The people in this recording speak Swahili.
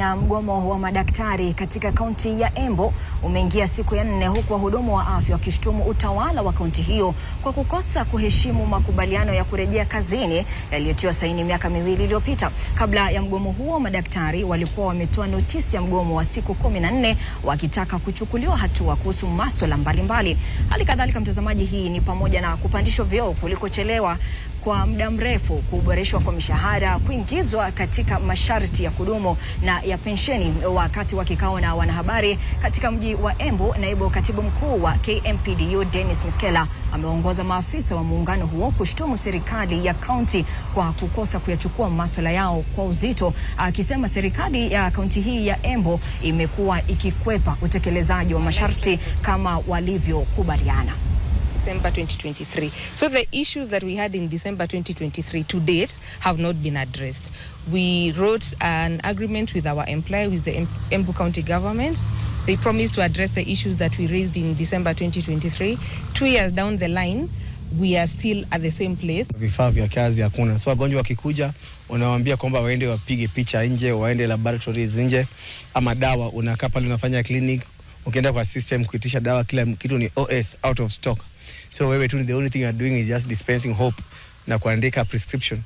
kufanya mgomo wa madaktari katika kaunti ya Embo umeingia siku ya nne huku wahudumu wa afya wakishtumu utawala wa kaunti hiyo kwa kukosa kuheshimu makubaliano ya kurejea kazini yaliyotiwa saini miaka miwili iliyopita. Kabla ya mgomo huo, madaktari walikuwa wametoa notisi ya mgomo wa siku kumi na nne wakitaka kuchukuliwa hatua kuhusu maswala mbalimbali. Hali kadhalika, mtazamaji, hii ni pamoja na kupandishwa vyeo kulikochelewa kwa muda mrefu, kuboreshwa kwa mishahara, kuingizwa katika masharti ya kudumu na ya pensheni. Wakati wa kikao na wanahabari katika mji wa Embu, naibu katibu mkuu wa KMPDU Dennis Miskela ameongoza maafisa wa muungano huo kushtumu serikali ya kaunti kwa kukosa kuyachukua masuala yao kwa uzito, akisema serikali ya kaunti hii ya Embu imekuwa ikikwepa utekelezaji wa masharti kama walivyokubaliana. December 2023. So the issues that we had in December 2023 to date have not been addressed. We wrote an agreement with our employer, with the Embu County government. They promised to address the issues that we raised in December 2023. Two years down the line, we are still at the same place. Vifaa vya kazi hakuna, so wagonjwa wakikuja unawaambia kwamba waende wapige picha nje, waende laboratories nje, ama dawa unakaa pale unafanya clinic, ukienda kwa system kuitisha dawa, kila kitu ni OS, out of stock so wewe tu the only thing you are doing is just dispensing hope na kuandika prescription